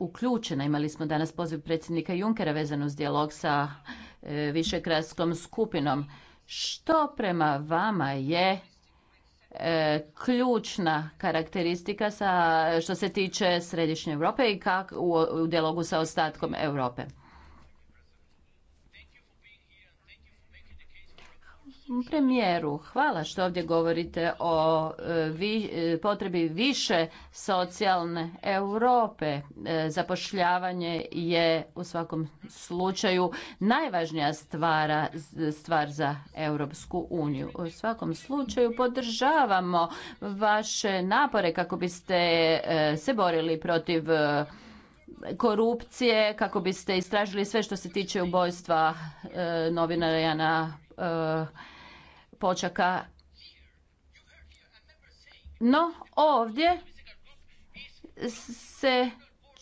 uključena. Imali smo danas poziv predsjednika Junkera vezano uz dijalog sa e, višekratskom skupinom. Što prema vama je e, ključna karakteristika što se tiče Središnje Europe i kak, u, u dijalogu sa ostatkom Europe? Premijeru, hvala što ovdje govorite o e, e, potrebi više socijalne Europe. E, zapošljavanje je u svakom slučaju najvažnija stvara, stvar za Europsku uniju. U svakom slučaju podržavamo vaše napore kako biste se borili protiv korupcije, kako biste istražili sve što se tiče ubojstva novinara Jana počaka. No, ovdje se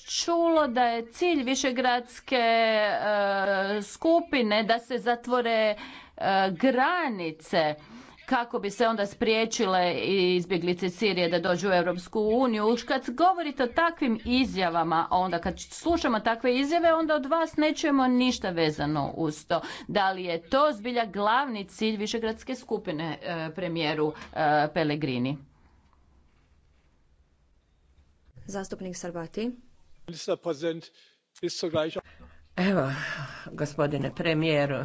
čulo da je cilj višegradske e, skupine da se zatvore e, granice kako bi se onda spriječile izbjeglice Sirije da dođu u Europsku uniju. Kad govorite o takvim izjavama, onda kad slušamo takve izjave, onda od vas nećemo ništa vezano uz to. Da li je to zbilja glavni cilj višegradske skupine e, premijeru e, pelegrini Zastupnik Sarbati. Evo, gospodine premijeru,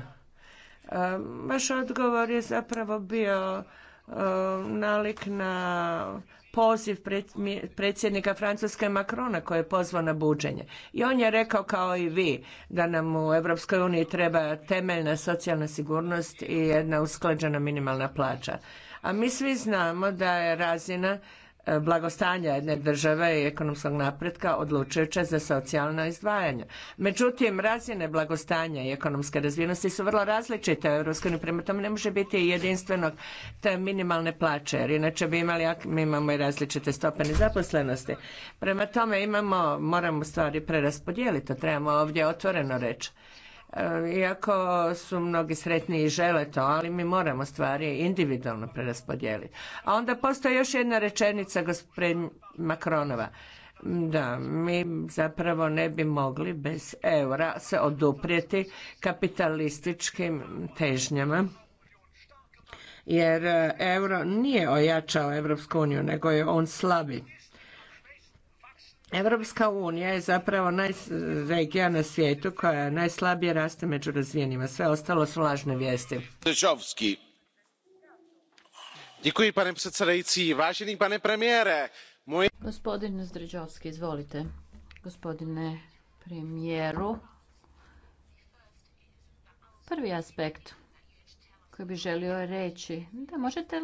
Ehm, vaš odgovor je zapravo bio ehm, nalik na poziv predsjednika Francuske Makrona koji je pozvao na buđenje. I on je rekao kao i vi da nam u Europskoj uniji treba temeljna socijalna sigurnost i jedna usklađena minimalna plaća. A mi svi znamo da je razina blagostanja jedne države i ekonomskog napretka odlučujuća za socijalna izdvajanja. Međutim, razine blagostanja i ekonomske razvijenosti su vrlo različite u Europskoj prema tome ne može biti jedinstvenog te minimalne plaće, jer inače bi imali, mi imamo i različite stope nezaposlenosti. Prema tome imamo, moramo stvari preraspodijeliti, to trebamo ovdje otvoreno reći. E, iako su mnogi sretni i žele to, ali mi moramo stvari individualno preraspodijeliti. A onda postoji još jedna rečenica gospodin Makronova. Da, mi zapravo ne bi mogli bez eura se oduprijeti kapitalističkim težnjama jer e, euro nije ojačao Europsku uniju, nego je on slabi. Europska unija je zapravo naj, regija na svijetu koja najslabije raste među razvijenima. Sve ostalo su lažne vijesti. Děkuji, pane předsedající. Vážený pane premiére, Gospodin izvolite. Gospodine premijeru, prvi aspekt koji bi želio reći. Da, možete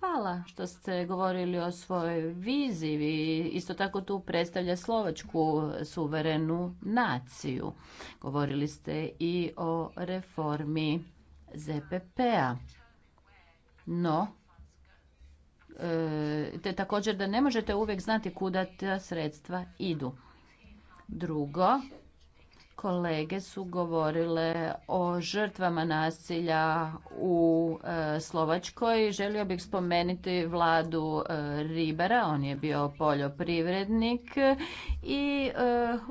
hvala što ste govorili o svojoj viziji. Vi isto tako tu predstavlja slovačku suverenu naciju. Govorili ste i o reformi ZPP-a. No, e, te također da ne možete uvijek znati kuda ta sredstva idu. Drugo, kolege su govorile o žrtvama nasilja u e, Slovačkoj. Želio bih spomenuti vladu e, Ribera, on je bio poljoprivrednik i e,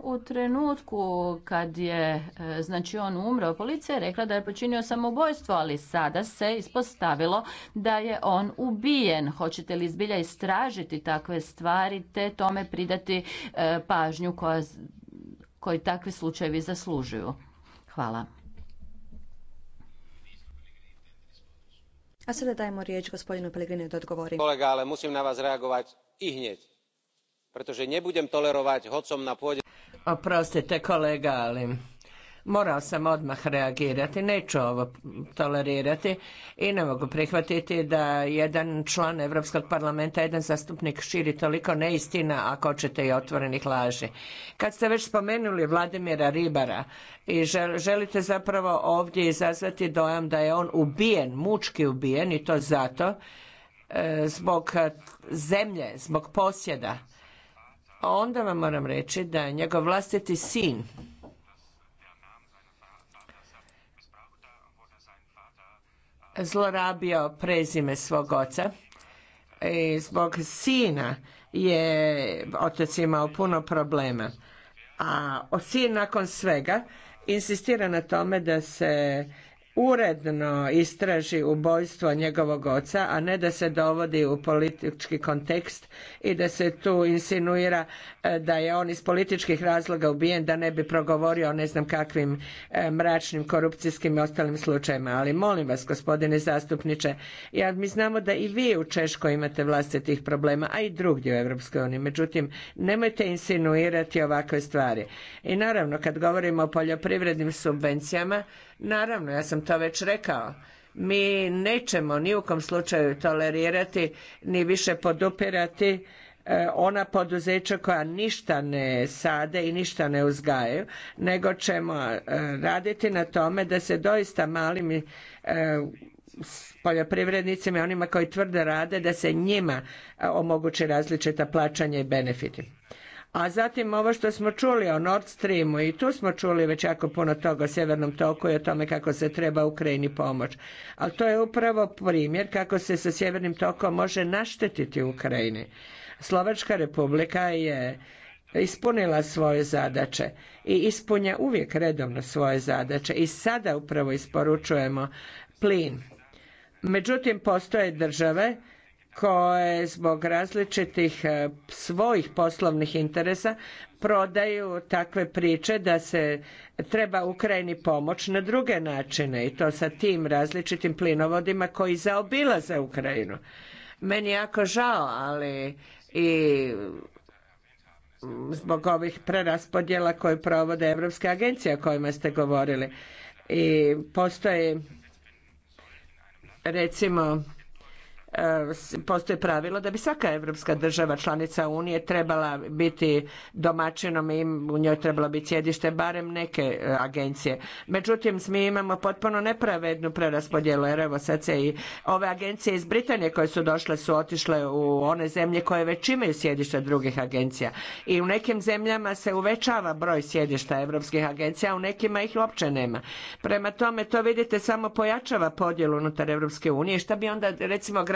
u trenutku kad je znači on umro, policija je rekla da je počinio samoubojstvo, ali sada se ispostavilo da je on ubijen. Hoćete li zbilja istražiti takve stvari te tome pridati pažnju koja koji takvi slučajevi zaslužuju. Hvala. A sada dajemo riječ gospodinu Pellegrinu da odgovori. Kolega, ali musim na vas reagovati i Protože ne budem tolerovati hocom na pôde... Oprostite kolega, ali Morao sam odmah reagirati, neću ovo tolerirati i ne mogu prihvatiti da jedan član Europskog parlamenta, jedan zastupnik širi toliko neistina, ako hoćete i otvorenih laži. Kad ste već spomenuli Vladimira Ribara i želite zapravo ovdje izazvati dojam da je on ubijen, mučki ubijen i to zato e, zbog zemlje, zbog posjeda, onda vam moram reći da je njegov vlastiti sin zlorabio prezime svog oca i e, zbog sina je otac imao puno problema. A sin nakon svega insistira na tome da se uredno istraži ubojstvo njegovog oca, a ne da se dovodi u politički kontekst i da se tu insinuira e, da je on iz političkih razloga ubijen da ne bi progovorio o ne znam kakvim e, mračnim korupcijskim i ostalim slučajevima. Ali molim vas gospodine zastupniče, ja mi znamo da i vi u Češkoj imate vlastitih problema, a i drugdje u Europskoj uniji. Međutim, nemojte insinuirati ovakve stvari. I naravno kad govorimo o poljoprivrednim subvencijama, Naravno, ja sam to već rekao, mi nećemo ni u kom slučaju tolerirati ni više podupirati e, ona poduzeća koja ništa ne sade i ništa ne uzgajaju, nego ćemo e, raditi na tome da se doista malim e, poljoprivrednicima i onima koji tvrde rade, da se njima omogući različita plaćanja i benefiti. A zatim ovo što smo čuli o Nord Streamu i tu smo čuli već jako puno toga o Sjevernom toku i o tome kako se treba Ukrajini pomoć. Ali to je upravo primjer kako se sa Sjevernim tokom može naštetiti Ukrajini. Slovačka republika je ispunila svoje zadaće i ispunja uvijek redovno svoje zadaće i sada upravo isporučujemo plin. Međutim, postoje države koje zbog različitih e, svojih poslovnih interesa prodaju takve priče da se treba Ukrajini pomoć na druge načine i to sa tim različitim plinovodima koji zaobilaze Ukrajinu. Meni je jako žao, ali i zbog ovih preraspodjela koje provode Europske agencije o kojima ste govorili. I postoje recimo E, postoji pravilo da bi svaka europska država članica Unije trebala biti domaćinom i u njoj trebalo biti sjedište barem neke e, agencije. Međutim, mi imamo potpuno nepravednu preraspodjelu jer evo sad se i ove agencije iz Britanije koje su došle su otišle u one zemlje koje već imaju sjedište drugih agencija. I u nekim zemljama se uvećava broj sjedišta europskih agencija, a u nekima ih uopće nema. Prema tome, to vidite samo pojačava podjelu unutar Europske unije. Šta bi onda recimo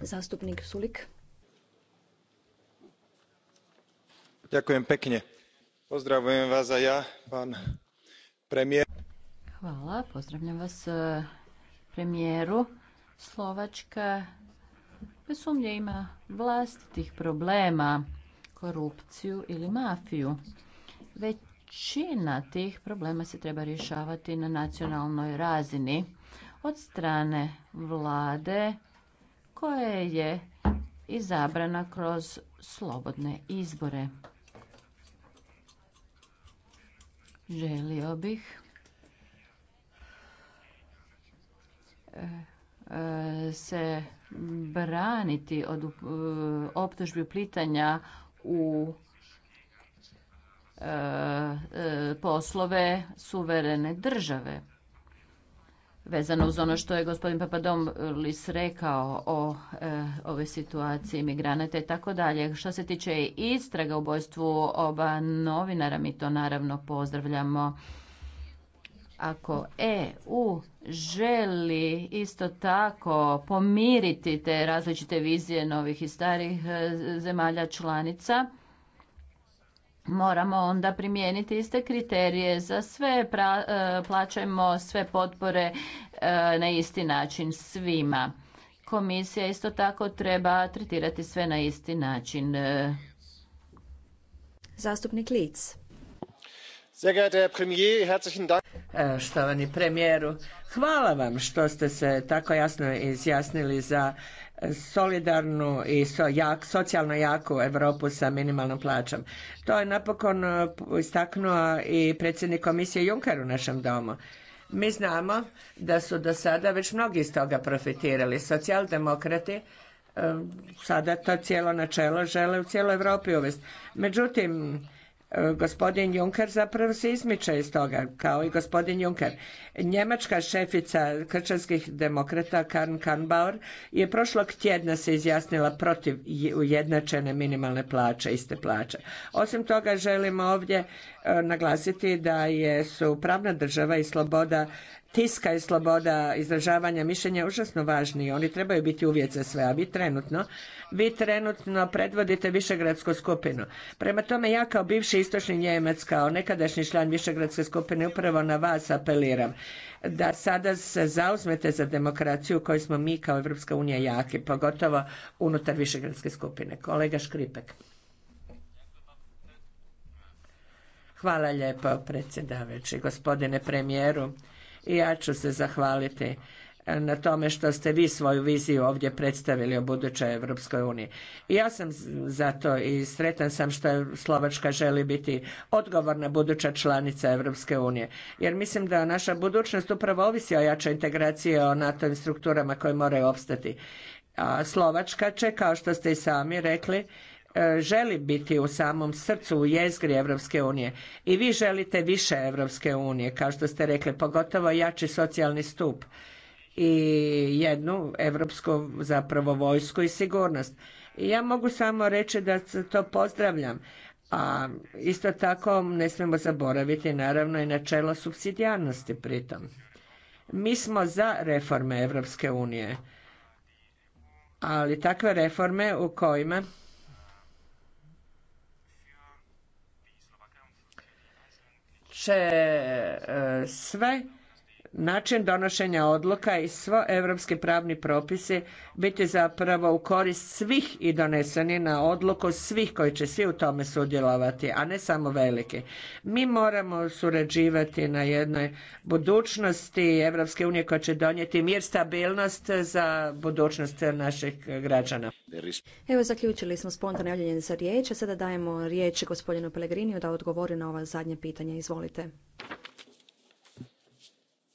Zastupnik Sulik. Ďakujem pekne. Pozdravujem vás ja, pán premiér. Hvala, pozdravljam vas eh, premijeru. Slovačka bez sumnje ima vlastitih problema, korupciju ili mafiju. Većina tih problema se treba rješavati na nacionalnoj razini od strane vlade koja je izabrana kroz slobodne izbore. Želio bih e, e, se braniti od e, optužbi plitanja u poslove suverene države vezano uz ono što je gospodin Lis rekao o e, ovoj situaciji migranata i tako dalje. Što se tiče istraga ubojstvu oba novinara, mi to naravno pozdravljamo. Ako EU želi isto tako pomiriti te različite vizije novih i starih e, zemalja članica, moramo onda primijeniti iste kriterije za sve, pra, e, plaćajmo sve potpore e, na isti način svima. Komisija isto tako treba tretirati sve na isti način. E. Zastupnik Lic. Štovani premijeru, hvala vam što ste se tako jasno izjasnili za solidarnu i so, socijalno jaku Europu sa minimalnom plaćom. To je napokon eh, istaknuo i predsjednik komisije Juncker u našem domu. Mi znamo da su do sada već mnogi iz toga profitirali. Socijaldemokrati eh, sada to cijelo načelo žele u cijeloj Europi uvesti. Međutim, gospodin Juncker zapravo se izmiče iz toga, kao i gospodin Juncker. Njemačka šefica kršćanskih demokrata Karn Kanbauer je prošlog tjedna se izjasnila protiv ujednačene minimalne plaće, iste plaće. Osim toga želimo ovdje e, naglasiti da je, su pravna država i sloboda tiska i sloboda izražavanja mišljenja je užasno važni. Oni trebaju biti uvjet za sve, a vi trenutno, vi trenutno predvodite Višegradsku skupinu. Prema tome ja kao bivši istočni Njemac, kao nekadašnji član Višegradske skupine upravo na vas apeliram da sada se zauzmete za demokraciju koju smo mi kao Evropska unija jaki, pogotovo unutar Višegradske skupine. Kolega Škripek. Hvala lijepo predsjedavajući, gospodine premijeru. I ja ću se zahvaliti e, na tome što ste vi svoju viziju ovdje predstavili o budućoj Europskoj uniji. I ja sam zato i sretan sam što Slovačka želi biti odgovorna buduća članica Europske unije. Jer mislim da naša budućnost upravo ovisi o jačoj integraciji, o NATO strukturama koje moraju opstati. A Slovačka će, kao što ste i sami rekli, E, želi biti u samom srcu, u jezgri Europske unije i vi želite više Europske unije, kao što ste rekli, pogotovo jači socijalni stup i jednu europsku zapravo vojsku i sigurnost. I ja mogu samo reći da to pozdravljam, a isto tako ne smijemo zaboraviti naravno i načelo supsidijarnosti pritom. Mi smo za reforme Europske unije, ali takve reforme u kojima će e, sve način donošenja odluka i svo europski pravni propisi biti zapravo u korist svih i doneseni na odluku svih koji će svi u tome sudjelovati, a ne samo velike. Mi moramo surađivati na jednoj budućnosti Europske unije koja će donijeti mir, stabilnost za budućnost naših građana. Evo zaključili smo spontane javljanje za riječ, a sada dajemo riječ gospodinu Pelegriniju da odgovori na ova zadnja pitanja. Izvolite.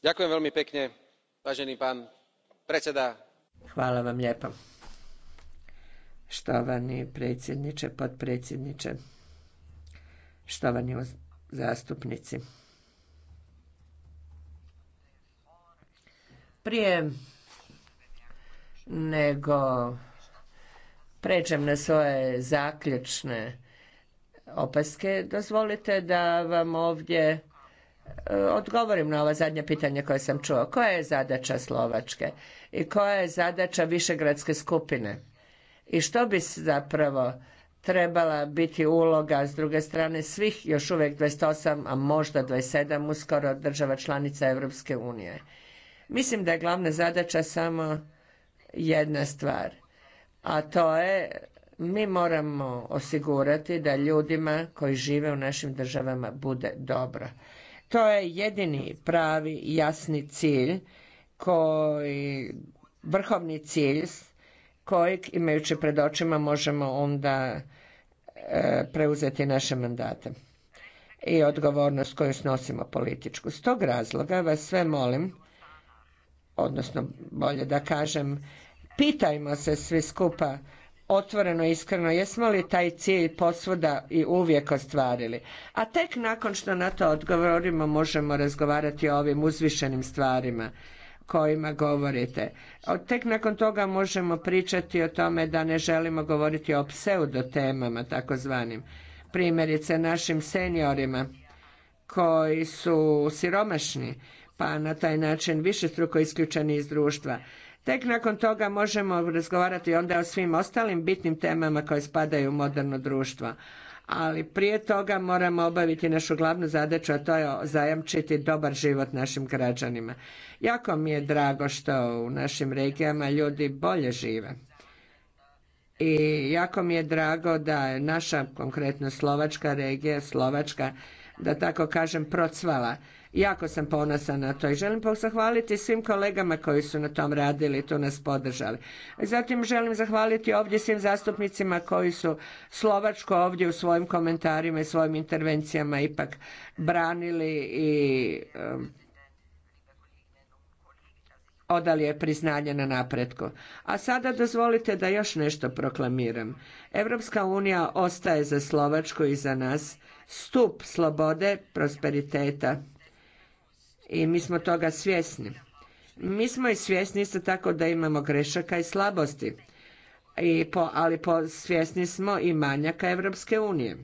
Ďakujem veľmi pekne, vážený pán predseda. Hvala vam lijepa Štovani predsjedniče, potpredsjedniče, štovani zastupnici. Prije nego pređem na svoje zaključne opaske, dozvolite da vam ovdje E, odgovorim na ova zadnja pitanja koja sam čuo. Koja je zadaća Slovačke i koja je zadaća višegradske skupine? I što bi zapravo trebala biti uloga s druge strane svih još uvijek 28, a možda 27 uskoro država članica Europske unije. Mislim da je glavna zadaća samo jedna stvar, a to je mi moramo osigurati da ljudima koji žive u našim državama bude dobro. To je jedini pravi jasni cilj koji, vrhovni cilj kojeg imajući pred očima možemo onda e, preuzeti naše mandate i odgovornost koju snosimo političku. S tog razloga vas sve molim, odnosno bolje da kažem, pitajmo se svi skupa otvoreno, iskreno, jesmo li taj cilj posvuda i uvijek ostvarili? A tek nakon što na to odgovorimo možemo razgovarati o ovim uzvišenim stvarima kojima govorite. Tek nakon toga možemo pričati o tome da ne želimo govoriti o temama takozvanim. Primjerice, našim seniorima koji su siromašni pa na taj način višestruko isključeni iz društva. Tek nakon toga možemo razgovarati onda o svim ostalim bitnim temama koje spadaju u moderno društvo. Ali prije toga moramo obaviti našu glavnu zadaću, a to je zajamčiti dobar život našim građanima. Jako mi je drago što u našim regijama ljudi bolje žive. I jako mi je drago da je naša, konkretno slovačka regija, slovačka, da tako kažem, procvala Jako sam ponosan na to i želim zahvaliti svim kolegama koji su na tom radili i tu nas podržali. Zatim želim zahvaliti ovdje svim zastupnicima koji su Slovačko ovdje u svojim komentarima i svojim intervencijama ipak branili i um, odali je priznanje na napretku. A sada dozvolite da još nešto proklamiram. Europska unija ostaje za Slovačku i za nas stup slobode, prosperiteta i mi smo toga svjesni. Mi smo i svjesni isto tako da imamo grešaka i slabosti, I ali po, svjesni smo i manjaka Evropske unije.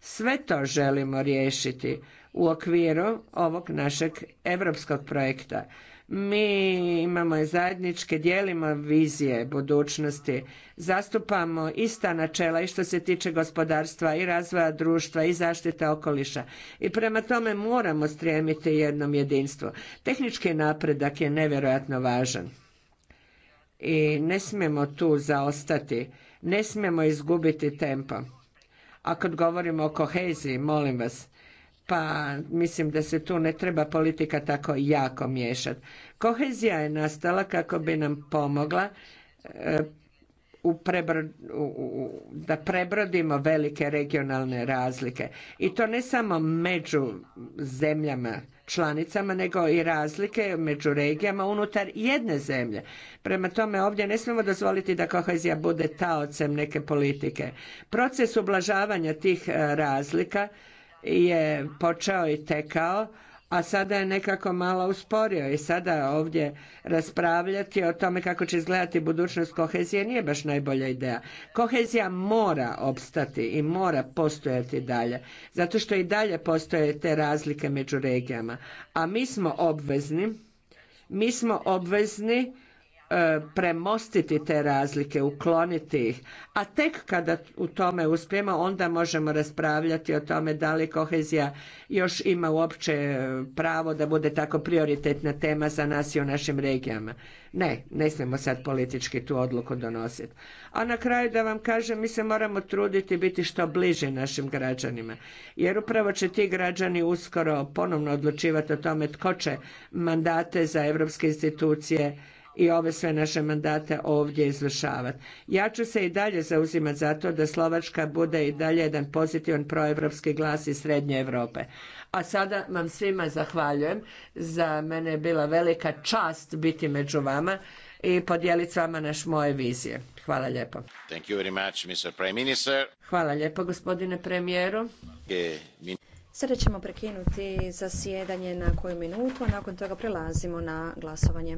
Sve to želimo riješiti u okviru ovog našeg europskog projekta mi imamo i zajedničke, dijelimo vizije budućnosti, zastupamo ista načela i što se tiče gospodarstva i razvoja društva i zaštite okoliša i prema tome moramo stremiti jednom jedinstvu. Tehnički napredak je nevjerojatno važan i ne smijemo tu zaostati, ne smijemo izgubiti tempo. A kad govorimo o koheziji, molim vas, pa mislim da se tu ne treba politika tako jako miješati. Kohezija je nastala kako bi nam pomogla e, u u, da prebrodimo velike regionalne razlike. I to ne samo među zemljama članicama, nego i razlike među regijama unutar jedne zemlje. Prema tome ovdje ne smijemo dozvoliti da kohezija bude taocem neke politike. Proces ublažavanja tih e, razlika je počeo i tekao, a sada je nekako malo usporio i sada ovdje raspravljati o tome kako će izgledati budućnost kohezije nije baš najbolja ideja. Kohezija mora opstati i mora postojati dalje, zato što i dalje postoje te razlike među regijama. A mi smo obvezni, mi smo obvezni E, premostiti te razlike, ukloniti ih, a tek kada u tome uspijemo onda možemo raspravljati o tome da li kohezija još ima uopće pravo da bude tako prioritetna tema za nas i u našim regijama. Ne, ne smijemo sad politički tu odluku donositi. A na kraju da vam kažem, mi se moramo truditi biti što bliže našim građanima, jer upravo će ti građani uskoro ponovno odlučivati o tome tko će mandate za europske institucije i ove sve naše mandate ovdje izvršavati. Ja ću se i dalje zauzimati za to da Slovačka bude i dalje jedan pozitivan proevropski glas iz Srednje Europe. A sada vam svima zahvaljujem. Za mene je bila velika čast biti među vama i podijeliti s vama naš moje vizije. Hvala lijepo. Thank you very much, Mr. Prime Minister. Hvala lijepo, gospodine premijeru. E, sada ćemo prekinuti zasjedanje na koju minutu, a nakon toga prelazimo na glasovanje.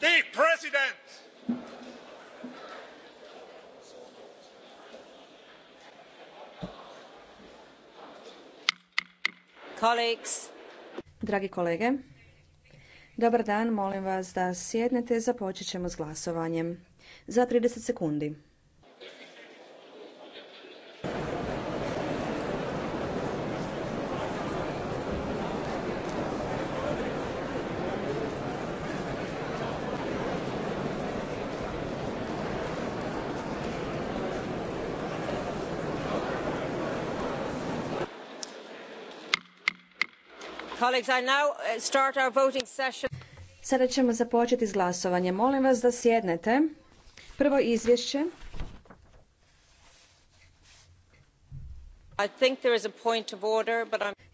the president. Colleagues. Dragi kolege, dobar dan, molim vas da sjednete, započet ćemo s glasovanjem. Za 30 sekundi. Uh, Sada ćemo započeti s glasovanjem. Molim vas da sjednete. Prvo izvješće.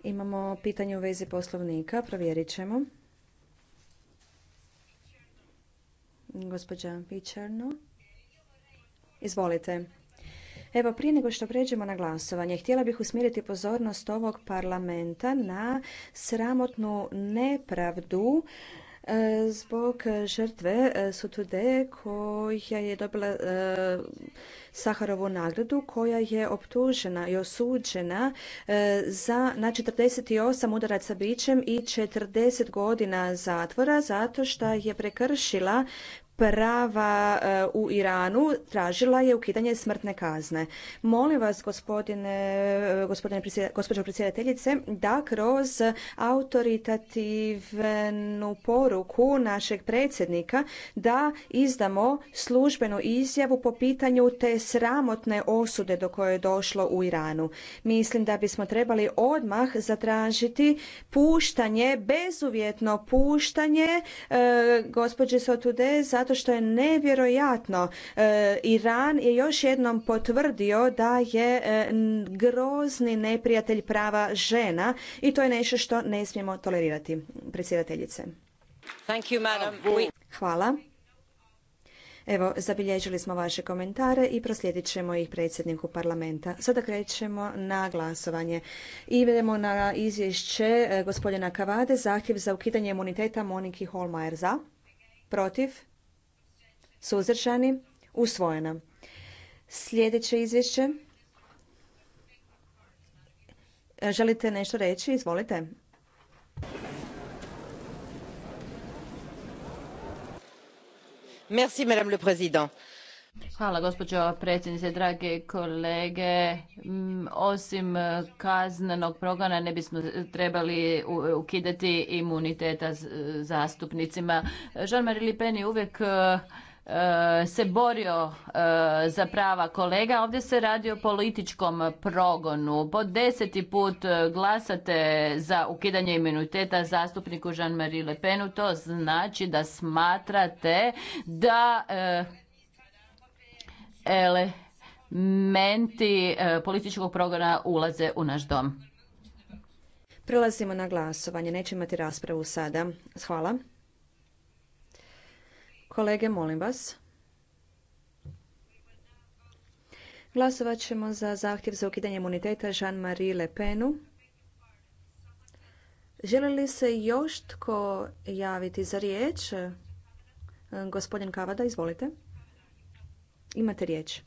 Imamo pitanje u vezi poslovnika, provjerit ćemo. Gospođa Pičerno. Izvolite. Evo, prije nego što pređemo na glasovanje, htjela bih usmjeriti pozornost ovog parlamenta na sramotnu nepravdu e, zbog žrtve e, Sutude koja je dobila e, Saharovu nagradu koja je optužena i osuđena za na 48 udaraca bićem i 40 godina zatvora zato što je prekršila prava e, u Iranu tražila je ukidanje smrtne kazne. Molim vas, gospodine, gospodine gospođo predsjedateljice, da kroz autoritativnu poruku našeg predsjednika da izdamo službenu izjavu po pitanju te sramotne osude do koje je došlo u Iranu. Mislim da bismo trebali odmah zatražiti puštanje, bezuvjetno puštanje e, gospođe Sotude zato zato što je nevjerojatno. E, Iran je još jednom potvrdio da je e, grozni neprijatelj prava žena i to je nešto što ne smijemo tolerirati, predsjedateljice. Oh, Hvala. Evo, zabilježili smo vaše komentare i proslijedit ćemo ih predsjedniku parlamenta. Sada krećemo na glasovanje. Idemo na izvješće e, gospodina Kavade, zahtjev za ukidanje imuniteta Moniki Holmajer za, protiv, Suzdržani? Usvojeno. Sljedeće izvješće. E, želite nešto reći? Izvolite. Merci, madame le président. Hvala gospođo predsjednice, drage kolege. Mm, osim kaznenog progona ne bismo trebali ukidati imuniteta zastupnicima. Jean-Marie Le uvijek E, se borio e, za prava kolega. Ovdje se radi o političkom progonu. Po deseti put e, glasate za ukidanje imuniteta zastupniku Jean-Marie Le Penu. To znači da smatrate da elementi političkog progona ulaze u naš dom. Prelazimo na glasovanje. Neće imati raspravu sada. Hvala. Kolege, molim vas. Glasovat ćemo za zahtjev za ukidanje imuniteta Jean-Marie Le Penu. Želi li se još tko javiti za riječ? Gospodin Kavada, izvolite. Imate riječ.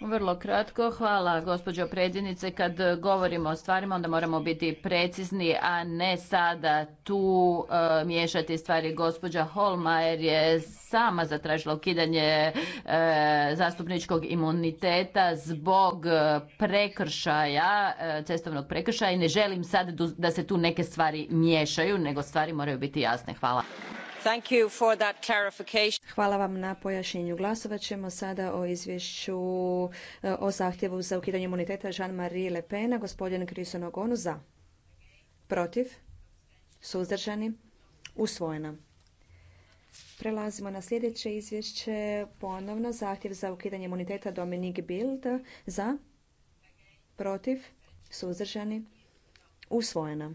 Vrlo kratko, hvala gospođo predsjednice. Kad govorimo o stvarima onda moramo biti precizni, a ne sada tu e, miješati stvari. Gospođa Holmajer je sama zatražila ukidanje e, zastupničkog imuniteta zbog e, prekršaja, cestovnog prekršaja i ne želim sad da se tu neke stvari miješaju, nego stvari moraju biti jasne. Hvala. Hvala vam na pojašnjenju. Glasovat ćemo sada o izvješću e, o zahtjevu za ukidanje imuniteta Jean-Marie Le Pena. Gospodin Krison Ogonu za. Protiv. Suzdržani. Usvojena. Prelazimo na sljedeće izvješće. Ponovno zahtjev za ukidanje imuniteta Dominik Bild. Za. Protiv. Suzdržani. Usvojena.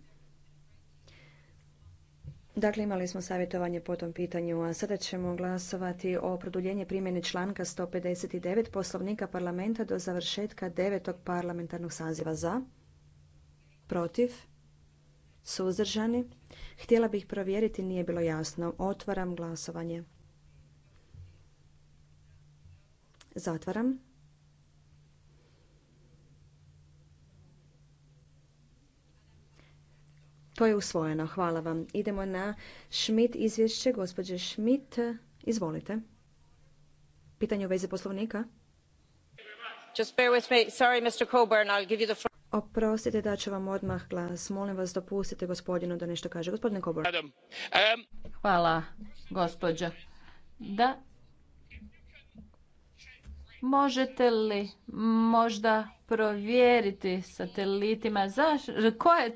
Dakle, imali smo savjetovanje po tom pitanju, a sada ćemo glasovati o produljenje primjene članka 159 poslovnika parlamenta do završetka devetog parlamentarnog saziva za, protiv, suzdržani. Htjela bih provjeriti, nije bilo jasno. Otvaram glasovanje. Zatvaram. To je usvojeno. Hvala vam. Idemo na Šmit izvješće. Gospođe Šmit, izvolite. Pitanje u vezi poslovnika. Just bear with me. vam odmah glas. Molim vas, dopustite gospodinu da nešto kaže. Gospodine Coburn. Um, Hvala, gospođo. Da, Možete li možda provjeriti satelitima za je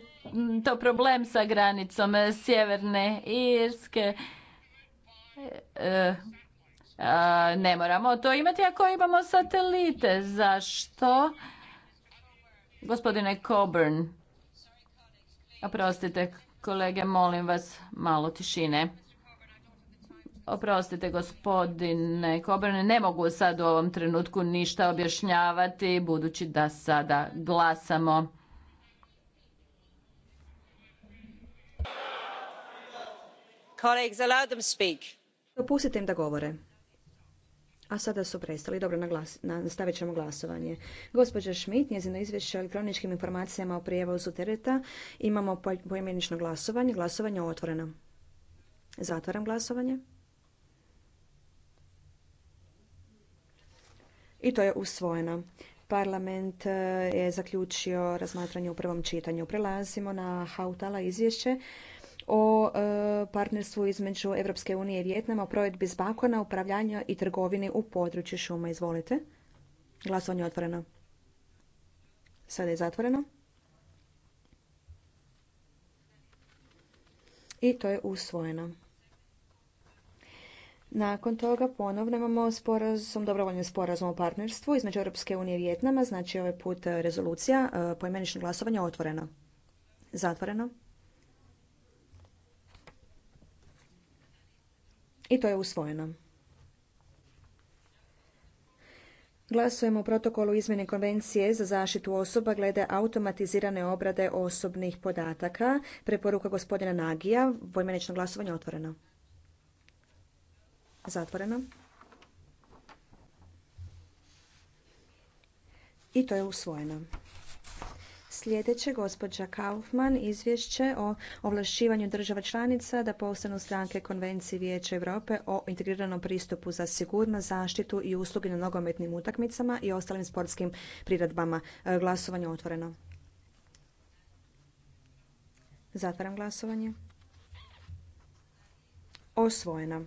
to problem sa granicom e, Sjeverne Irske? E, ne moramo to imati ako imamo satelite. Zašto? Gospodine Coburn, oprostite kolege, molim vas malo tišine. Oprostite gospodine Kobrane, ne mogu sad u ovom trenutku ništa objašnjavati budući da sada glasamo. Colleagues, allow im da govore. A sada su prestali. Dobro, nastavit ćemo glasovanje. Gospođa Šmit, njezino izvješće o elektroničkim informacijama o prijevozu tereta. Imamo pojmenično glasovanje. Glasovanje je otvoreno. Zatvaram glasovanje. i to je usvojeno. Parlament e, je zaključio razmatranje u prvom čitanju. Prelazimo na Hautala izvješće o e, partnerstvu između Europske unije i Vijetnama o provedbi zakona, upravljanja i trgovini u području šuma. Izvolite. Glasovanje je otvoreno. Sada je zatvoreno. I to je usvojeno. Nakon toga ponovno imamo sporazum, dobrovoljni sporazum o partnerstvu između Europske unije i Vijetnama. znači ovaj put e, rezolucija, e, poimenično glasovanje otvoreno. Zatvoreno. I to je usvojeno. Glasujemo o protokolu izmjene konvencije za zaštitu osoba glede automatizirane obrade osobnih podataka. Preporuka gospodina Nagija, pojmenično glasovanje otvoreno. Zatvoreno. I to je usvojeno. Sljedeće, gospođa Kaufman, izvješće o ovlašćivanju država članica da postanu stranke Konvencije Vijeća Europe o integriranom pristupu za sigurno zaštitu i usluge na nogometnim utakmicama i ostalim sportskim priredbama. E, glasovanje otvoreno. Zatvaram glasovanje. Osvojeno.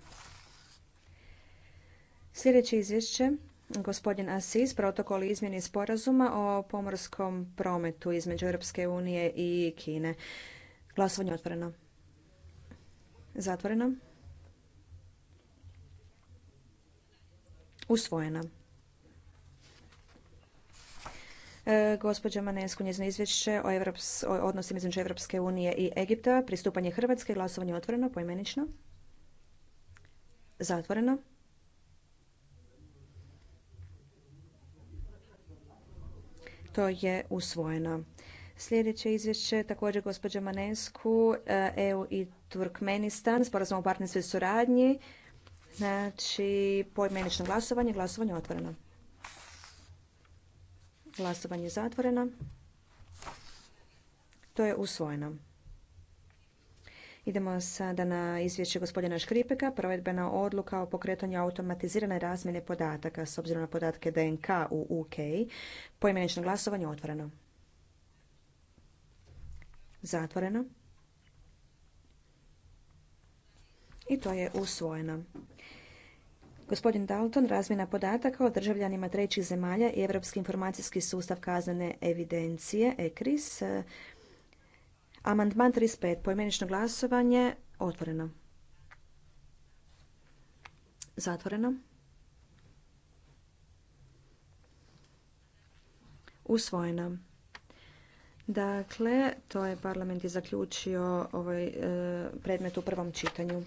Sljedeće izvješće gospodin Asis, protokol izmjeni sporazuma o pomorskom prometu između Europske unije i Kine. Glasovanje otvoreno. Zatvoreno. Usvojeno. E, gospođa Manesku, izvješće o, odnosima između Europske unije i Egipta, pristupanje Hrvatske, glasovanje otvoreno, poimenično. Zatvoreno. što je usvojeno. Sljedeće izvješće također gospođa Manesku, eh, EU i Turkmenistan, sporazum o partnerstvu i suradnji. Znači, pojmenično glasovanje, glasovanje otvoreno. Glasovanje zatvoreno. To je usvojeno. Idemo sada na izvješće gospodina Škripeka, provedbena odluka o pokretanju automatizirane razmjene podataka s obzirom na podatke DNK u UK. Poimenično glasovanje otvoreno. Zatvoreno. I to je usvojeno. Gospodin Dalton, razmjena podataka o državljanima trećih zemalja i Europski informacijski sustav kaznene evidencije, ECRIS, Amandman 35. pojmenično glasovanje. Otvoreno. Zatvoreno. Usvojeno. Dakle, to je parlament je zaključio ovaj e, predmet u prvom čitanju.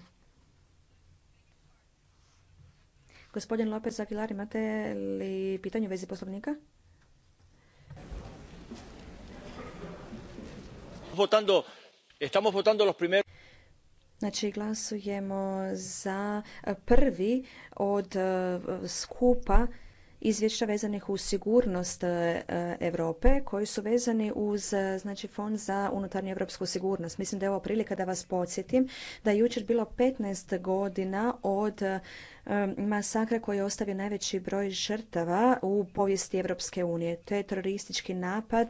Gospodin Lopez Aguilar, imate li pitanje u vezi poslovnika? Znači glasujemo za prvi od eh, skupa izvješća vezanih uz sigurnost e, Europe koji su vezani uz e, znači fond za unutarnju europsku sigurnost. Mislim da je ovo prilika da vas podsjetim da je jučer bilo 15 godina od e, masakra koji je ostavio najveći broj žrtava u povijesti Europske unije. To je teroristički napad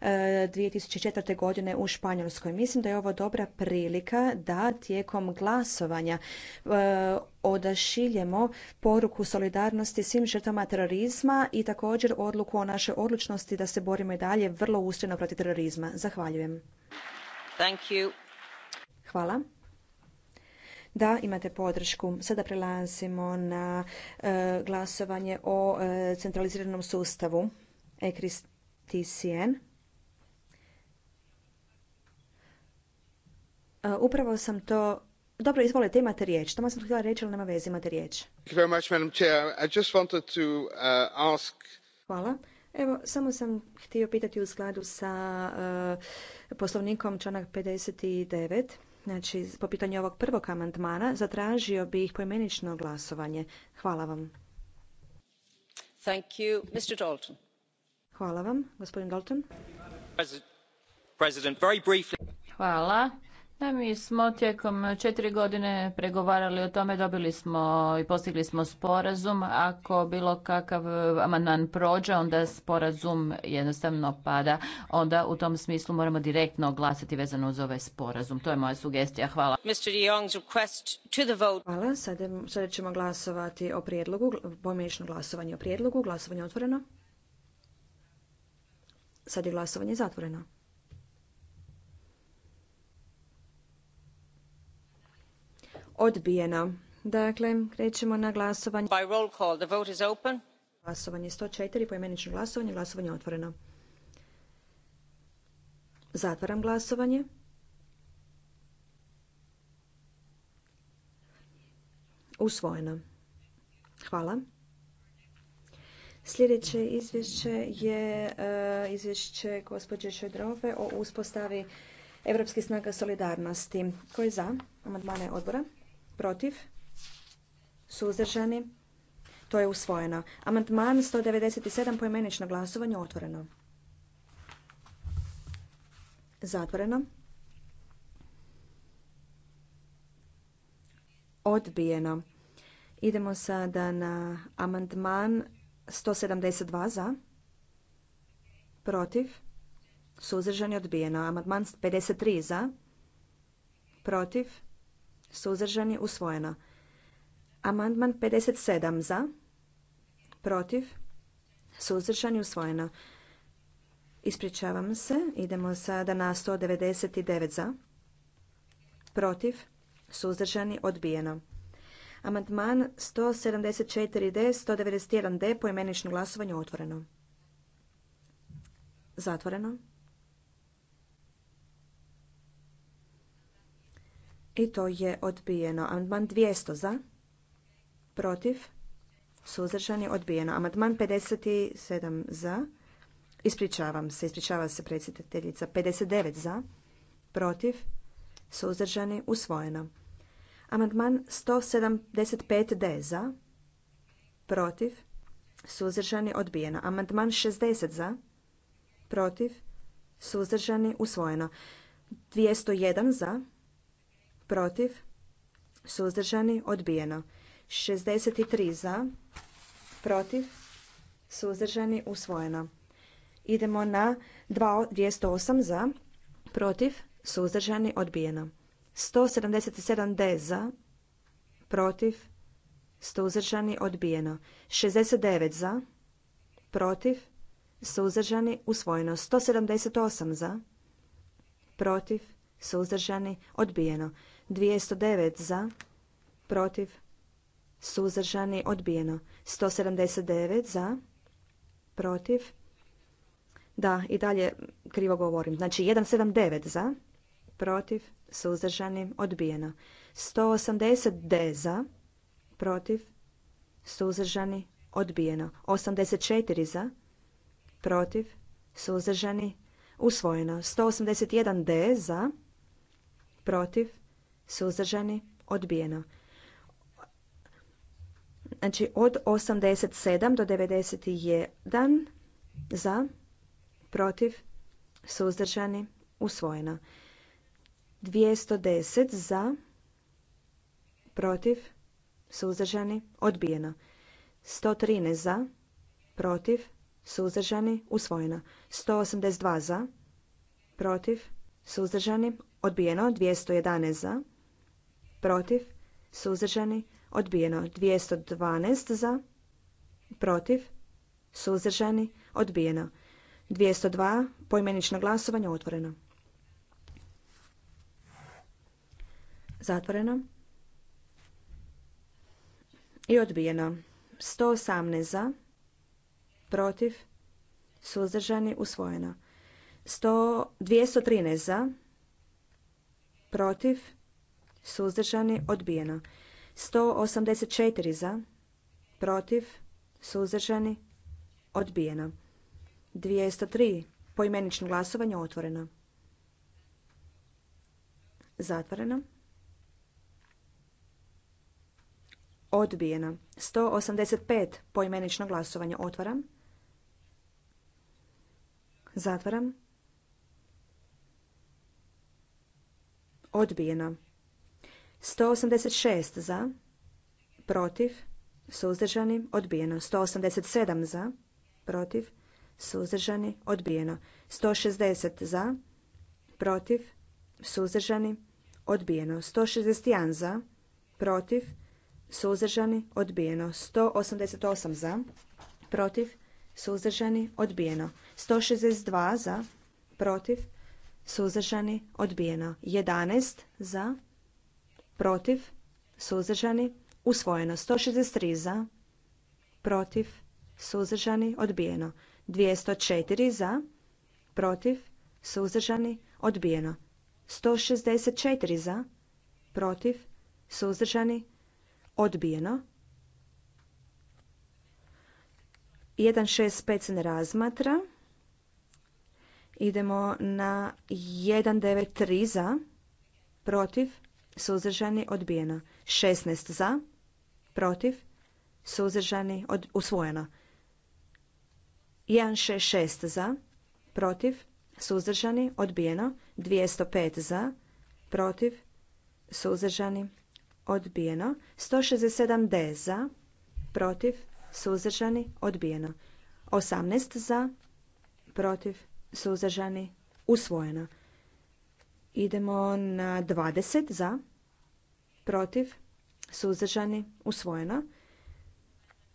2004. godine u Španjolskoj. Mislim da je ovo dobra prilika da tijekom glasovanja odašiljemo poruku solidarnosti svim žrtvama terorizma terorizma i također odluku o našoj odlučnosti da se borimo i dalje vrlo ustrajno protiv terorizma. Zahvaljujem. Thank you. Hvala. Da, imate podršku. Sada prelazimo na e, glasovanje o e, centraliziranom sustavu ECRIS TCN. E, upravo sam to dobro, izvolite, imate riječ. Tamo sam htjela reći, ali nema veze, imate riječ. Hvala. Evo, samo sam htio pitati u skladu sa uh, poslovnikom članak 59. Znači, po pitanju ovog prvog amandmana zatražio bih poimenično glasovanje. Hvala vam. Thank you. Mr. Dalton. Hvala vam. Gospodin Dalton. President, very briefly. Hvala. Da, pa mi smo tijekom četiri godine pregovarali o tome, dobili smo i postigli smo sporazum. Ako bilo kakav amandman prođe, onda sporazum jednostavno pada. Onda u tom smislu moramo direktno glasati vezano uz ovaj sporazum. To je moja sugestija. Hvala. Hvala. Sada, ćemo glasovati o prijedlogu, pomiješno glasovanje o prijedlogu. Glasovanje je otvoreno. Sada je glasovanje zatvoreno. Odbijeno. Dakle, krećemo na glasovanje. By roll call. The vote is open. Glasovanje 104, poimenično glasovanje, glasovanje je otvoreno. Zatvaram glasovanje. Usvojeno. Hvala. Sljedeće izvješće je e, izvješće gospođe Šedrove o uspostavi Europskih snaga solidarnosti. Koji je za? Amandmane odbora protiv, suzdržani, to je usvojeno. Amandman 197 poimenično glasovanje otvoreno. Zatvoreno. Odbijeno. Idemo sada na amandman 172 za, protiv, suzdržani, odbijeno. Amandman 53 za, protiv, suzdržani, usvojeno. Amandman 57 za, protiv, suzdržani, usvojeno. Ispričavam se, idemo sada na 199 za, protiv, suzdržani, odbijeno. Amandman 174D, 191D, poimenično glasovanje otvoreno. Zatvoreno. I to je odbijeno. Amandman 200 za. Protiv. Suzdržani. Odbijeno. Amandman 57 za. Ispričavam se. Ispričava se predsjedateljica. 59 za. Protiv. Suzdržani. Usvojeno. Amandman 175D za. Protiv. Suzdržani. Odbijeno. Amandman 60 za. Protiv. Suzdržani. Usvojeno. 201 za protiv, suzdržani, odbijeno. 63 za, protiv, suzdržani, usvojeno. Idemo na 208 za, protiv, suzdržani, odbijeno. 177 D za, protiv, suzdržani, odbijeno. 69 za, protiv, suzdržani, usvojeno. 178 za, protiv, suzdržani, odbijeno. 209 za, protiv, suzdržani, odbijeno. 179 za, protiv, da, i dalje krivo govorim. Znači 179 za, protiv, suzdržani, odbijeno. 180 D za, protiv, suzdržani, odbijeno. 84 za, protiv, suzdržani, usvojeno. 181 D za, protiv, suzdržani, odbijeno. Znači od 87 do 91 za, protiv, suzdržani, usvojeno. 210 za, protiv, suzdržani, odbijeno. 113 za, protiv, suzdržani, usvojeno. 182 za, protiv, suzdržani, odbijeno. 211 za, protiv, suzdržani, odbijeno. 212 za, protiv, suzdržani, odbijeno. 202 poimenično glasovanje otvoreno. Zatvoreno. I odbijeno. 118 za, protiv, suzdržani, usvojeno. 100, 213 za, protiv, suzdržani, odbijeno. 184 za, protiv, suzdržani, odbijeno. 203 poimenično glasovanje otvoreno. Zatvoreno. Odbijeno. 185 poimenično glasovanje otvaram. Zatvaram. Odbijeno. 186 za, protiv, suzdržani, odbijeno. 187 za, protiv, suzdržani, odbijeno. 160 za, protiv, suzdržani, odbijeno. 161 za, protiv, suzdržani, odbijeno. 188 za, protiv, suzdržani, odbijeno. 162 za, protiv, suzdržani, odbijeno. 11 za, protiv, suzdržani, usvojeno. 163 za, protiv, suzdržani, odbijeno. 204 za, protiv, suzdržani, odbijeno. 164 za, protiv, suzdržani, odbijeno. 165 se ne razmatra. Idemo na 193 za, protiv, suzdržani, odbijeno. 16 za, protiv, suzdržani, od, usvojeno. 166 za, protiv, suzdržani, odbijeno. 205 za, protiv, suzdržani, odbijeno. 167 D za, protiv, suzdržani, odbijeno. 18 za, protiv, suzdržani, usvojeno. Idemo na 20 za, protiv, suzdržani, usvojeno.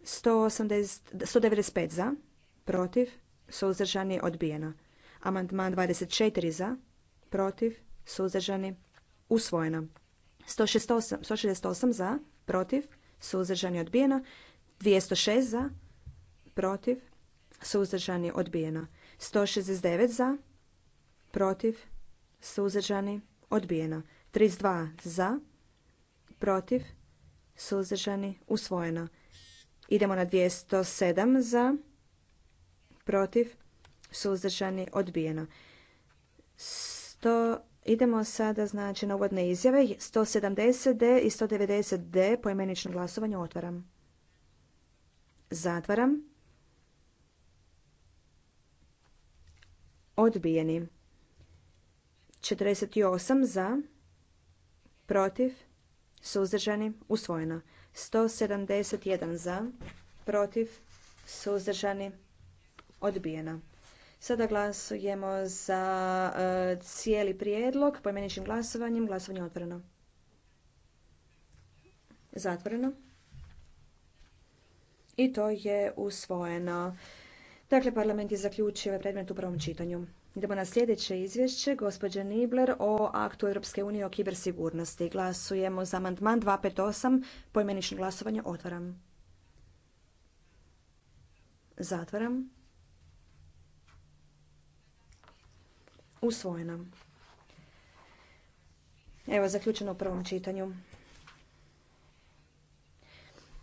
180, 195 za, protiv, suzdržani, odbijeno. Amandman 24 za, protiv, suzdržani, usvojeno. 168, 168 za, protiv, suzdržani, odbijeno. 206 za, protiv, suzdržani, odbijeno. 169 za, protiv, suzdržani, odbijeno. 32 za, protiv, suzdržani, usvojeno. Idemo na 207 za, protiv, suzdržani, odbijeno. 100, idemo sada znači na uvodne izjave 170D i 190D poimenično glasovanje otvaram. Zatvaram. Odbijeni. 48 za, protiv, suzdržani, usvojeno. 171 za, protiv, suzdržani, odbijeno. Sada glasujemo za e, cijeli prijedlog pojmeničnim glasovanjem. Glasovanje otvoreno. Zatvoreno. I to je usvojeno. Dakle, parlament je zaključio ovaj predmet u prvom čitanju. Idemo na sljedeće izvješće, gospođe Nibler o aktu Europske unije o kibersigurnosti. Glasujemo za amandman 258, pojmenično glasovanje otvaram. Zatvaram. Usvojeno. Evo, zaključeno u prvom čitanju.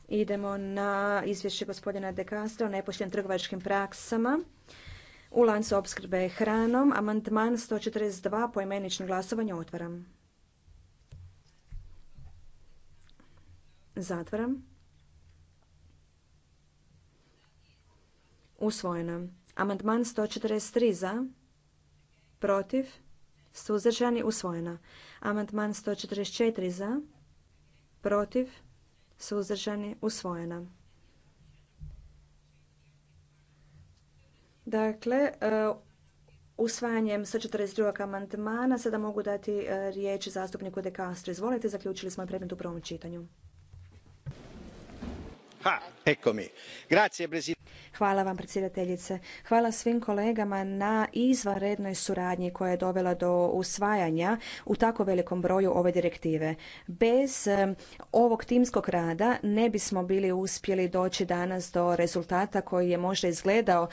Idemo na izvješće gospodina De Castro o nepoštenim trgovačkim praksama. U lancu opskrbe hranom, amandman 142, poimenično glasovanje, otvaram. Zatvaram. Usvojeno. Amandman 143 za, protiv, suzdržani, usvojeno. Amandman 144 za, protiv, suzdržani, usvojena. Dakle, e, usvajanjem sa 42. amandmana sada mogu dati e, riječ zastupniku De Castro. Izvolite, zaključili smo predmet u prvom čitanju. Ha, Grazie, Hvala vam predsjedateljice. Hvala svim kolegama na izvanrednoj suradnji koja je dovela do usvajanja u tako velikom broju ove direktive. Bez ovog timskog rada ne bismo bili uspjeli doći danas do rezultata koji je možda izgledao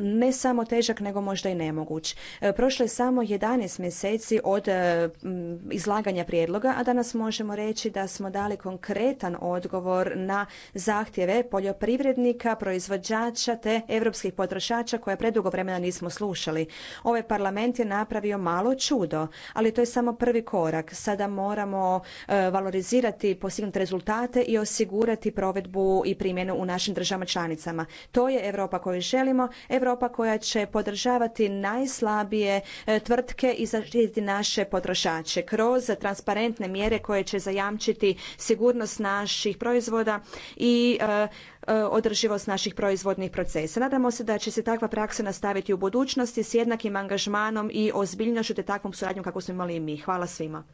ne samo težak nego možda i nemoguć. E, prošlo je samo 11 mjeseci od izlaganja prijedloga, a danas možemo reći da smo dali konkretan odgovor na zahtjeve poljoprivrednika, proizvođača potrošača te europskih potrošača koje predugo vremena nismo slušali. Ovaj parlament je napravio malo čudo, ali to je samo prvi korak. Sada moramo e, valorizirati postignute rezultate i osigurati provedbu i primjenu u našim državama članicama. To je Europa koju želimo, Europa koja će podržavati najslabije e, tvrtke i zaštiti naše potrošače kroz transparentne mjere koje će zajamčiti sigurnost naših proizvoda i e, E, održivost naših proizvodnih procesa. Nadamo se da će se takva praksa nastaviti u budućnosti s jednakim angažmanom i ozbiljnošću te takvom suradnjom kako smo imali i mi. Hvala svima.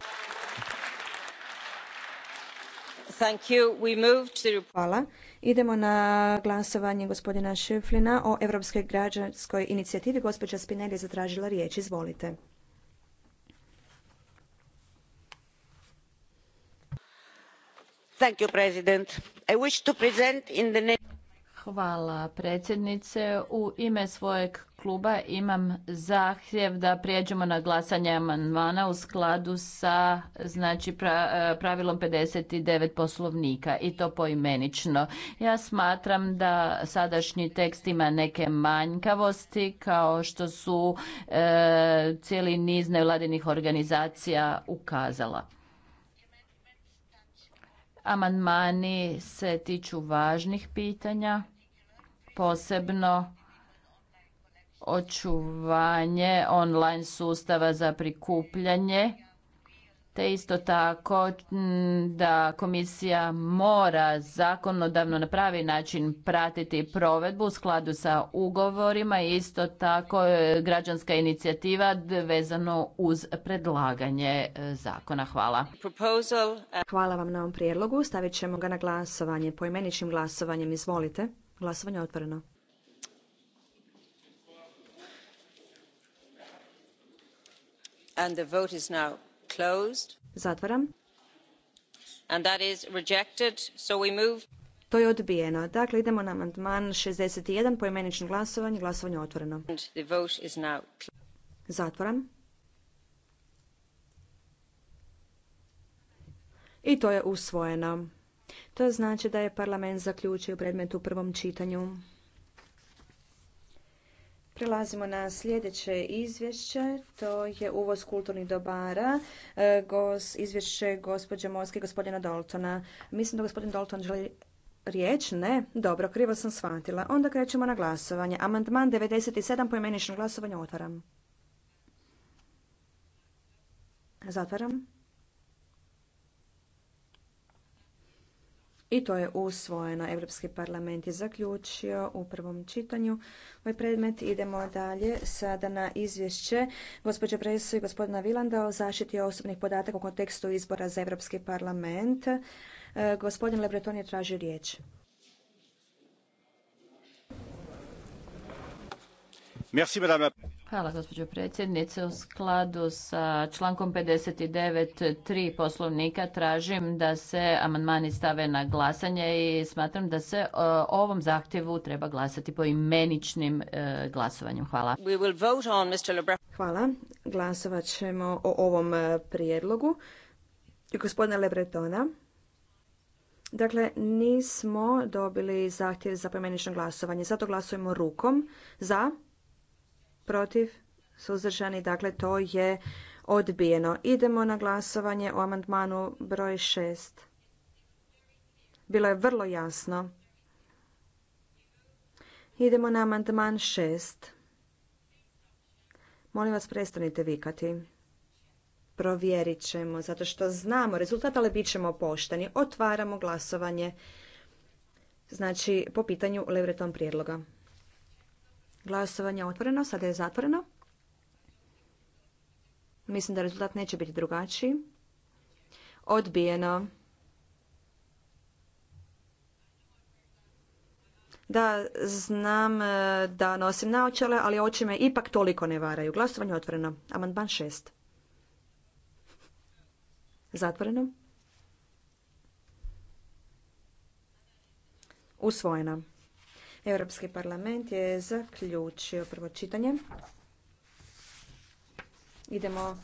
Thank Hvala. Idemo na glasovanje gospodina Šeflina o Europskoj građanskoj inicijativi. Gospođa Spinelli je zatražila riječ. Izvolite. potovana Hvala predsjednice. U ime svojeg kluba imam zahtjev da prijeđemo na glasanje amandmana u skladu sa znači, e, pravilom pravilom nine poslovnika i to poimenično. Ja smatram da sadašnji tekst ima neke manjkavosti kao što su e, cijeli niz nevladinih organizacija ukazala. Amandmani se tiču važnih pitanja, posebno očuvanje online sustava za prikupljanje isto tako mm, da komisija mora zakonodavno na pravi način pratiti provedbu u skladu sa ugovorima isto tako e, građanska inicijativa vezano uz predlaganje e, zakona. Hvala. Uh, Hvala vam na ovom prijedlogu. Stavit ćemo ga na glasovanje. Poimeničnim glasovanjem izvolite. Glasovanje je otvoreno. And the vote is now Zatvaram. to je odbijeno. Dakle, idemo na amandman 61, poimenično glasovanje, glasovanje otvoreno. zatvaram. I to je usvojeno. To znači da je parlament zaključio predmet u prvom čitanju. Prelazimo na sljedeće izvješće, to je uvoz kulturnih dobara, e, gos, izvješće gospođe Moske i gospodina Doltona. Mislim da gospodin Dalton želi riječ? Ne? Dobro, krivo sam shvatila. Onda krećemo na glasovanje. Amandman 97, imeničnom glasovanju otvaram. Zatvaram. i to je usvojeno. Europski parlament je zaključio u prvom čitanju ovaj predmet. Idemo dalje sada na izvješće gospođe Presu i gospodina Vilanda o zaštiti osobnih podataka u kontekstu izbora za Europski parlament. E, gospodin Lebreton je tražio riječ. Merci, madame Hvala, gospođo predsjednice. U skladu sa člankom 59.3 poslovnika tražim da se amandmani stave na glasanje i smatram da se o e, ovom zahtjevu treba glasati po imeničnim e, glasovanjem. Hvala. We Hvala. Glasovat ćemo o ovom e, prijedlogu. Gospodina Lebretona. Dakle, nismo dobili zahtjev za poimenično glasovanje. Zato glasujemo rukom. Za protiv, suzdržani, dakle to je odbijeno. Idemo na glasovanje o amandmanu broj 6. Bilo je vrlo jasno. Idemo na amandman 6. Molim vas prestanite vikati. Provjerit ćemo, zato što znamo rezultat, ali bit ćemo pošteni. Otvaramo glasovanje, znači po pitanju levretom prijedloga. Glasovanje otvoreno, sada je zatvoreno. Mislim da rezultat neće biti drugačiji. Odbijeno. Da, znam e, da nosim naočale, ali oči me ipak toliko ne varaju. Glasovanje je otvoreno. Amandman šest. Zatvoreno. Usvojeno. Europski parlament je zaključio prvo čitanje. Idemo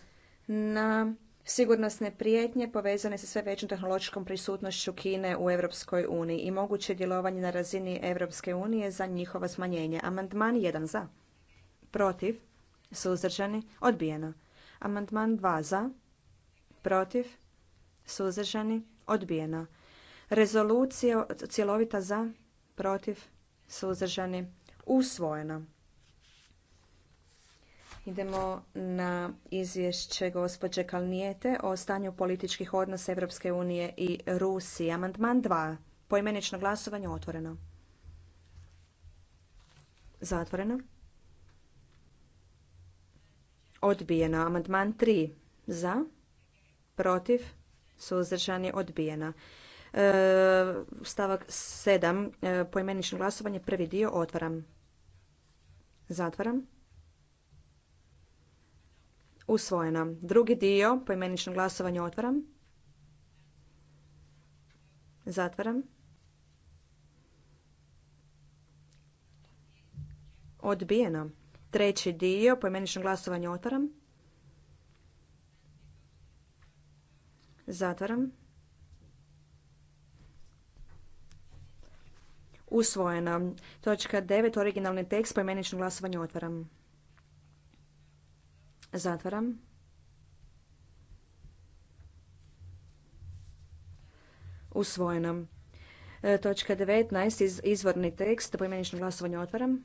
na sigurnosne prijetnje povezane sa sve većom tehnološkom prisutnošću Kine u Europskoj uniji i moguće djelovanje na razini Europske unije za njihovo smanjenje. Amandman 1 za, protiv, suzdržani, odbijeno. Amandman 2 za, protiv, suzdržani, odbijeno. Rezolucija cjelovita za, protiv, suzdržani, usvojeno. Idemo na izvješće gospođe Kalnijete o stanju političkih odnosa Europske unije i Rusije. Amandman 2. Poimenično glasovanje otvoreno. Zatvoreno. Odbijeno. Amandman 3. Za. Protiv. Suzdržan je odbijena. E, stavak 7, e, poimenično glasovanje, prvi dio, otvaram. Zatvaram. Usvojeno. Drugi dio, poimenično glasovanje, otvaram. Zatvaram. Odbijeno. Treći dio, poimenično glasovanje, otvaram. Zatvaram. usvojena. Točka 9. Originalni tekst. Poimenično glasovanje otvaram. Zatvaram. Usvojena. E, točka 19. Izvorni tekst. Poimenično glasovanje otvaram.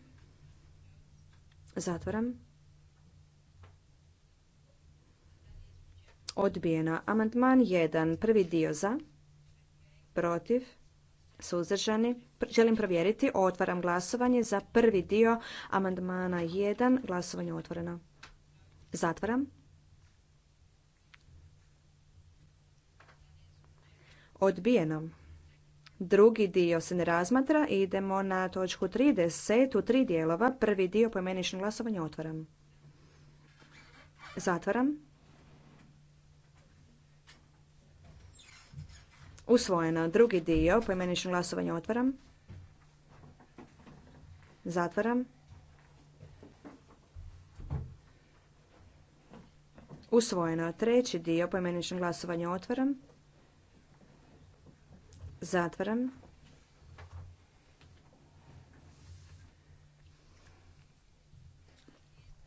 Zatvaram. Odbijena. Amandman 1. Prvi dio za. Protiv suzdržani. Želim provjeriti. Otvaram glasovanje za prvi dio amandmana 1. Glasovanje otvoreno. Zatvaram. Odbijeno. Drugi dio se ne razmatra. Idemo na točku 30 u tri dijelova. Prvi dio pojmenično glasovanje otvaram. Zatvaram. Usvojeno. Drugi dio, poimenično glasovanje otvaram. Zatvaram. Usvojeno. Treći dio, poimenično glasovanje otvaram. Zatvaram.